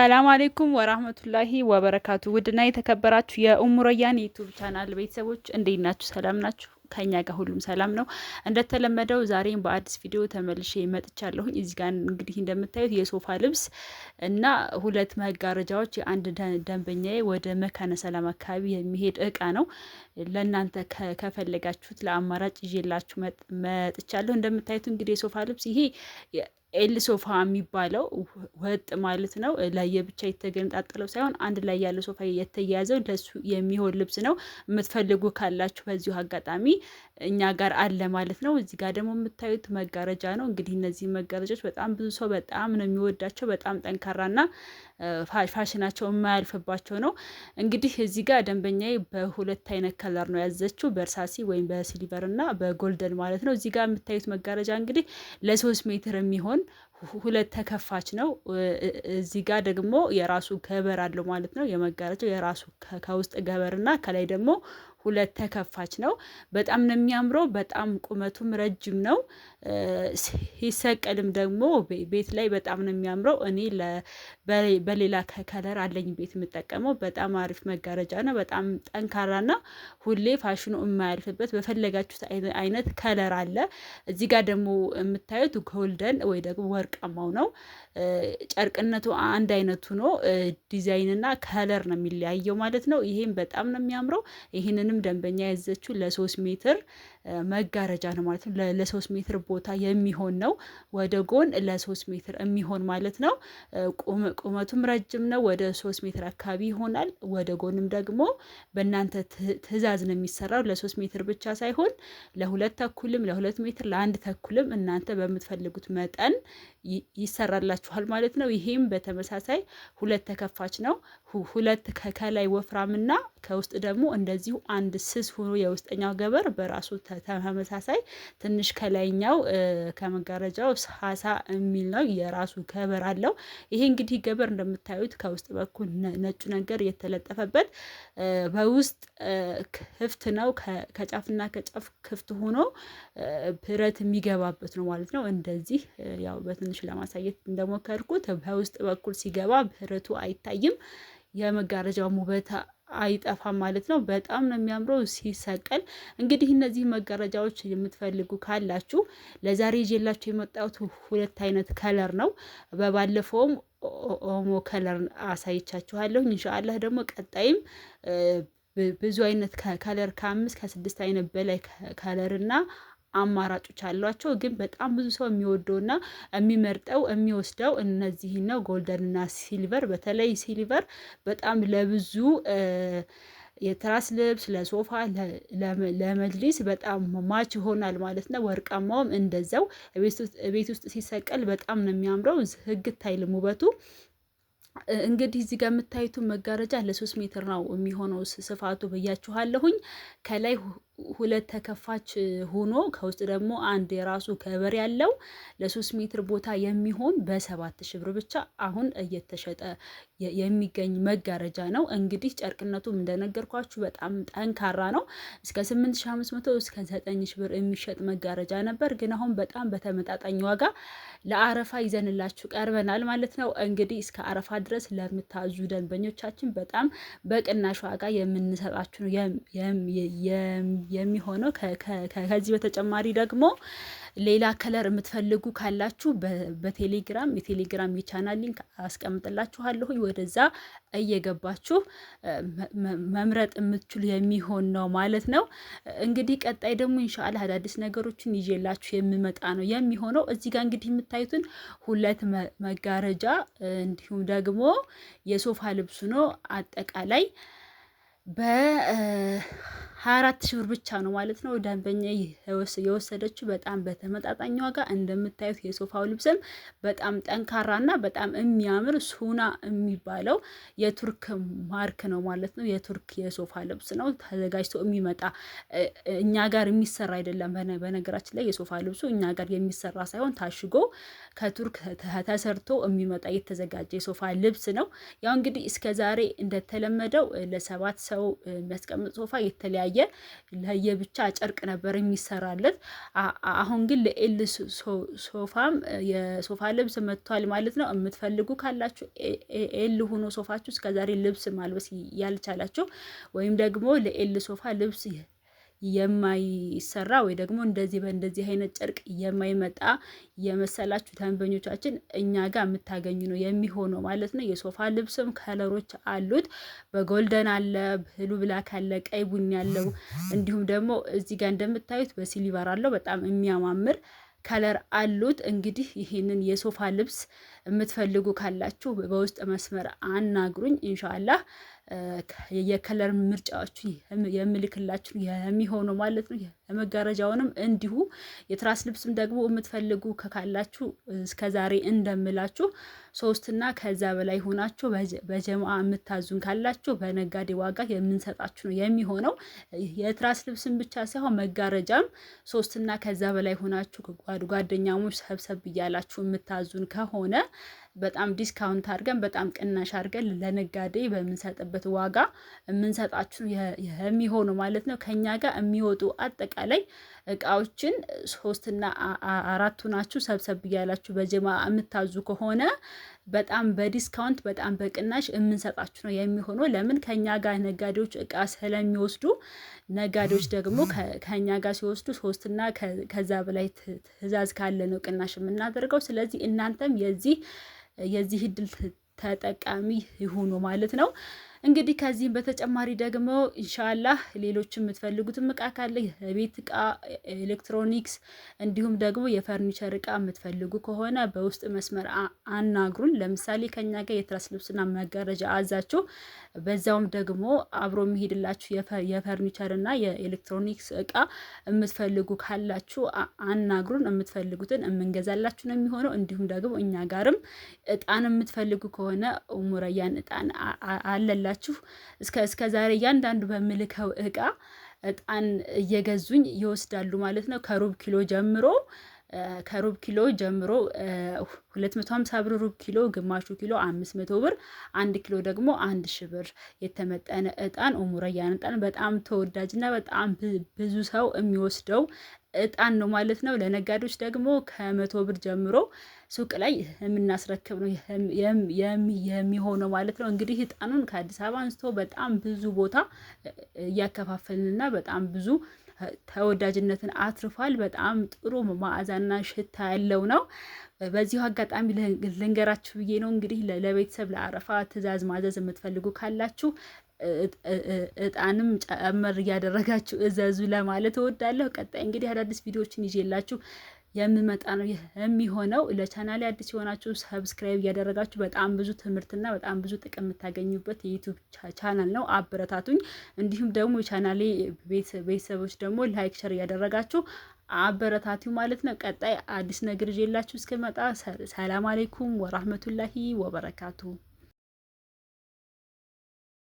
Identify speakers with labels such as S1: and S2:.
S1: ሰላም አሌይኩም ወራህመቱላሂ ወበረካቱ። ውድና የተከበራችሁ የኡሙረያን ዩቱብ ቻናል ቤተሰቦች እንዴት ናችሁ? ሰላም ናችሁ? ከኛ ጋር ሁሉም ሰላም ነው። እንደተለመደው ዛሬም በአዲስ ቪዲዮ ተመልሼ መጥቻለሁኝ። እዚህ ጋር እንግዲህ እንደምታዩት የሶፋ ልብስ እና ሁለት መጋረጃዎች የአንድ ደንበኛዬ ወደ መካነ ሰላም አካባቢ የሚሄድ እቃ ነው። ለእናንተ ከፈለጋችሁት ለአማራጭ ይዤላችሁ መጥቻለሁ። እንደምታዩት እንግዲህ የሶፋ ልብስ ይሄ ኤል ሶፋ የሚባለው ወጥ ማለት ነው። ለየብቻ የተገነጣጠለው ሳይሆን አንድ ላይ ያለው ሶፋ የተያያዘው ለሱ የሚሆን ልብስ ነው። የምትፈልጉ ካላችሁ በዚሁ አጋጣሚ እኛ ጋር አለ ማለት ነው። እዚህ ጋር ደግሞ የምታዩት መጋረጃ ነው። እንግዲህ እነዚህ መጋረጃዎች በጣም ብዙ ሰው በጣም ነው የሚወዳቸው። በጣም ጠንካራና ፋሽናቸው የማያልፍባቸው ነው። እንግዲህ እዚህ ጋር ደንበኛዬ በሁለት አይነት ከለር ነው ያዘችው፣ በእርሳሲ ወይም በሲሊቨር እና በጎልደን ማለት ነው። እዚህ ጋር የምታዩት መጋረጃ እንግዲህ ለሶስት ሜትር የሚሆን ሁለት ተከፋች ነው። እዚህ ጋር ደግሞ የራሱ ገበር አለው ማለት ነው። የመጋረጃው የራሱ ከውስጥ ገበርና ከላይ ደግሞ ሁለት ተከፋች ነው። በጣም ነው የሚያምረው። በጣም ቁመቱም ረጅም ነው። ሲሰቀልም ደግሞ ቤት ላይ በጣም ነው የሚያምረው። እኔ በሌላ ከለር አለኝ ቤት የምጠቀመው በጣም አሪፍ መጋረጃ ነው። በጣም ጠንካራና ሁሌ ፋሽኑ የማያልፍበት በፈለጋችሁት አይነት ከለር አለ። እዚህ ጋር ደግሞ የምታዩት ጎልደን ወይ ደግሞ ወርቃማው ነው። ጨርቅነቱ አንድ አይነቱ ነው። ዲዛይንና ከለር ነው የሚለያየው ማለት ነው። ይሄም በጣም ነው የሚያምረው። ይህንንም ደንበኛ ያዘችው ለሶስት ሜትር መጋረጃ ነው ማለት ነው። ለሶስት ሜትር ቦታ የሚሆን ነው። ወደ ጎን ለሶስት ሜትር የሚሆን ማለት ነው። ቁመቱም ረጅም ነው። ወደ ሶስት ሜትር አካባቢ ይሆናል። ወደ ጎንም ደግሞ በእናንተ ትዕዛዝ ነው የሚሰራው። ለሶስት ሜትር ብቻ ሳይሆን ለሁለት ተኩልም፣ ለሁለት ሜትር፣ ለአንድ ተኩልም እናንተ በምትፈልጉት መጠን ይሰራላችኋል ማለት ነው። ይሄም በተመሳሳይ ሁለት ተከፋች ነው። ሁለት ከላይ ወፍራምና ከውስጥ ደግሞ እንደዚሁ አንድ ስስ ሆኖ የውስጠኛው ገበር በራሱ ተመሳሳይ ትንሽ ከላይኛው ከመጋረጃው ሳሳ የሚል ነው። የራሱ ገበር አለው። ይሄ እንግዲህ ገበር እንደምታዩት ከውስጥ በኩል ነጩ ነገር የተለጠፈበት በውስጥ ክፍት ነው። ከጫፍና ከጫፍ ክፍት ሆኖ ብረት የሚገባበት ነው ማለት ነው። እንደዚህ ያው በትንሽ ለማሳየት እንደሞከርኩት በውስጥ በኩል ሲገባ ብረቱ አይታይም፣ የመጋረጃው ውበት አይጠፋም ማለት ነው። በጣም ነው የሚያምረው ሲሰቀል። እንግዲህ እነዚህ መጋረጃዎች የምትፈልጉ ካላችሁ ለዛሬ ይዤላችሁ የመጣሁት ሁለት አይነት ከለር ነው። በባለፈውም ኦሞ ከለር አሳይቻችኋለሁ። እንሻአላህ ደግሞ ቀጣይም ብዙ አይነት ከለር ከአምስት ከስድስት አይነት በላይ ከለር እና አማራጮች አሏቸው። ግን በጣም ብዙ ሰው የሚወደውና የሚመርጠው የሚወስደው እነዚህ ነው። ጎልደን እና ሲልቨር በተለይ ሲልቨር በጣም ለብዙ የትራስ ልብስ ለሶፋ ለመጅሊስ በጣም ማች ይሆናል ማለት ነው። ወርቃማውም እንደዛው ቤት ውስጥ ሲሰቀል በጣም ነው የሚያምረው። ህግት አይልም ውበቱ እንግዲህ እዚህ ጋር የምታዩት መጋረጃ ለሶስት ሜትር ነው የሚሆነው ስፋቱ ብያችኋለሁኝ ከላይ ሁለት ተከፋች ሆኖ ከውስጥ ደግሞ አንድ የራሱ ከበር ያለው ለሶስት ሜትር ቦታ የሚሆን በሰባት ሺ ብር ብቻ አሁን እየተሸጠ የሚገኝ መጋረጃ ነው። እንግዲህ ጨርቅነቱም እንደነገርኳችሁ በጣም ጠንካራ ነው። እስከ ስምንት ሺ አምስት መቶ እስከ ዘጠኝ ሺ ብር የሚሸጥ መጋረጃ ነበር፣ ግን አሁን በጣም በተመጣጣኝ ዋጋ ለአረፋ ይዘንላችሁ ቀርበናል ማለት ነው። እንግዲህ እስከ አረፋ ድረስ ለምታዙ ደንበኞቻችን በጣም በቅናሽ ዋጋ የምንሰጣችሁ ነው። የሚሆነው። ከዚህ በተጨማሪ ደግሞ ሌላ ከለር የምትፈልጉ ካላችሁ በቴሌግራም የቴሌግራም የቻናል ሊንክ አስቀምጥላችኋለሁ። ወደዛ እየገባችሁ መምረጥ የምትችሉ የሚሆን ነው ማለት ነው። እንግዲህ ቀጣይ ደግሞ ኢንሻአላህ አዳዲስ ነገሮችን ይዤላችሁ የምመጣ ነው የሚሆነው። እዚህ ጋር እንግዲህ የምታዩትን ሁለት መጋረጃ እንዲሁም ደግሞ የሶፋ ልብሱ ነው አጠቃላይ በ ሀያ ሺህ ብር ብቻ ነው ማለት ነው። ደንበኛ የወሰደችው በጣም በተመጣጣኝ ዋጋ እንደምታዩት የሶፋው ልብስም በጣም ጠንካራና በጣም የሚያምር ሱና የሚባለው የቱርክ ማርክ ነው ማለት ነው። የቱርክ የሶፋ ልብስ ነው ተዘጋጅቶ የሚመጣ እኛ ጋር የሚሰራ አይደለም። በነገራችን ላይ የሶፋ ልብሱ እኛ ጋር የሚሰራ ሳይሆን ታሽጎ ከቱርክ ተሰርቶ የሚመጣ የተዘጋጀ የሶፋ ልብስ ነው። ያው እንግዲህ እስከዛሬ እንደተለመደው ለሰባት ሰው የሚያስቀምጥ ሶፋ የተለያዩ እየተለያየ ለየብቻ ጨርቅ ነበር የሚሰራለት። አሁን ግን ለኤል ሶፋም የሶፋ ልብስ መጥቷል ማለት ነው። የምትፈልጉ ካላችሁ ኤል ሆኖ ሶፋችሁ እስከዛሬ ልብስ ማልበስ ያልቻላችሁ ወይም ደግሞ ለኤል ሶፋ ልብስ የማይሰራ ወይ ደግሞ እንደዚህ በእንደዚህ አይነት ጨርቅ የማይመጣ የመሰላችሁ ደንበኞቻችን እኛ ጋር የምታገኙ ነው የሚሆነው ማለት ነው። የሶፋ ልብስም ከለሮች አሉት። በጎልደን አለ፣ ብሉ ብላክ አለ፣ ቀይ ቡኒ አለው። እንዲሁም ደግሞ እዚህ ጋር እንደምታዩት በሲሊቨር አለው በጣም የሚያማምር ከለር አሉት። እንግዲህ ይህንን የሶፋ ልብስ የምትፈልጉ ካላችሁ በውስጥ መስመር አናግሩኝ። እንሻላ። የከለር ምርጫዎቹ የምልክላችሁ የሚሆነው ማለት ነው። የመጋረጃውንም እንዲሁ የትራስ ልብስም ደግሞ የምትፈልጉ ካላችሁ እስከዛሬ እንደምላችሁ ሶስትና ከዛ በላይ ሆናችሁ በጀማ የምታዙን ካላችሁ በነጋዴ ዋጋ የምንሰጣችሁ ነው የሚሆነው። የትራስ ልብስም ብቻ ሳይሆን መጋረጃም ሶስትና ከዛ በላይ ሆናችሁ ጓደኛሞች ሰብሰብ እያላችሁ የምታዙን ከሆነ በጣም ዲስካውንት አድርገን በጣም ቅናሽ አድርገን ለነጋዴ በምንሰጥበት ዋጋ የምንሰጣችሁ የሚሆኑ ማለት ነው ከኛ ጋር የሚወጡ አጠቃላይ እቃዎችን ሶስትና አራቱ ናችሁ ሰብሰብ እያላችሁ በጀማ የምታዙ ከሆነ በጣም በዲስካውንት በጣም በቅናሽ የምንሰጣችሁ ነው የሚሆነው። ለምን ከኛ ጋር ነጋዴዎች እቃ ስለሚወስዱ፣ ነጋዴዎች ደግሞ ከኛ ጋር ሲወስዱ ሶስትና ከዛ በላይ ትዕዛዝ ካለ ነው ቅናሽ የምናደርገው። ስለዚህ እናንተም የዚህ የዚህ እድል ተጠቃሚ ይሁኑ ማለት ነው። እንግዲህ ከዚህም በተጨማሪ ደግሞ ኢንሻላህ ሌሎች የምትፈልጉትም እቃ ካለ የቤት እቃ፣ ኤሌክትሮኒክስ እንዲሁም ደግሞ የፈርኒቸር እቃ የምትፈልጉ ከሆነ በውስጥ መስመር አናግሩን። ለምሳሌ ከኛ ጋር የትራስ ልብስና መጋረጃ አዛችሁ በዛውም ደግሞ አብሮ የሚሄድላችሁ የፈርኒቸር እና የኤሌክትሮኒክስ እቃ የምትፈልጉ ካላችሁ አናግሩን። የምትፈልጉትን የምንገዛላችሁ ነው የሚሆነው። እንዲሁም ደግሞ እኛ ጋርም እጣን የምትፈልጉ ከሆነ ሙረያን እጣን አለላ ብላችሁ እስከ ዛሬ እያንዳንዱ በምልከው እቃ እጣን እየገዙኝ ይወስዳሉ ማለት ነው። ከሩብ ኪሎ ጀምሮ ከሩብ ኪሎ ጀምሮ 250 ብር ሩብ ኪሎ፣ ግማሹ ኪሎ 500 ብር፣ አንድ ኪሎ ደግሞ አንድ ሺ ብር የተመጠነ እጣን ኡሙረያን እጣን በጣም ተወዳጅና በጣም ብዙ ሰው የሚወስደው እጣን ነው ማለት ነው። ለነጋዴዎች ደግሞ ከመቶ ብር ጀምሮ ሱቅ ላይ የምናስረክብ ነው የሚሆነው ማለት ነው። እንግዲህ እጣኑን ከአዲስ አበባ አንስቶ በጣም ብዙ ቦታ እያከፋፈልንና በጣም ብዙ ተወዳጅነትን አትርፏል። በጣም ጥሩ መዓዛና ሽታ ያለው ነው። በዚሁ አጋጣሚ ልንገራችሁ ብዬ ነው እንግዲህ ለቤተሰብ ለአረፋ ትዕዛዝ ማዘዝ የምትፈልጉ ካላችሁ እጣንም ጨመር እያደረጋችሁ እዘዙ ለማለት እወዳለሁ። ቀጣይ እንግዲህ አዳዲስ ቪዲዮዎችን ይዤላችሁ የምመጣ ነው የሚሆነው። ለቻናሌ አዲስ የሆናችሁ ሰብስክራይብ እያደረጋችሁ በጣም ብዙ ትምህርትና በጣም ብዙ ጥቅም የምታገኙበት የዩቱብ ቻናል ነው። አበረታቱኝ። እንዲሁም ደግሞ የቻናሌ ቤተሰቦች ደግሞ ላይክ፣ ሸር እያደረጋችሁ አበረታቱ ማለት ነው። ቀጣይ አዲስ ነገር ይዤላችሁ እስከመጣ ሰላም አሌይኩም ወራህመቱላሂ ወበረካቱ።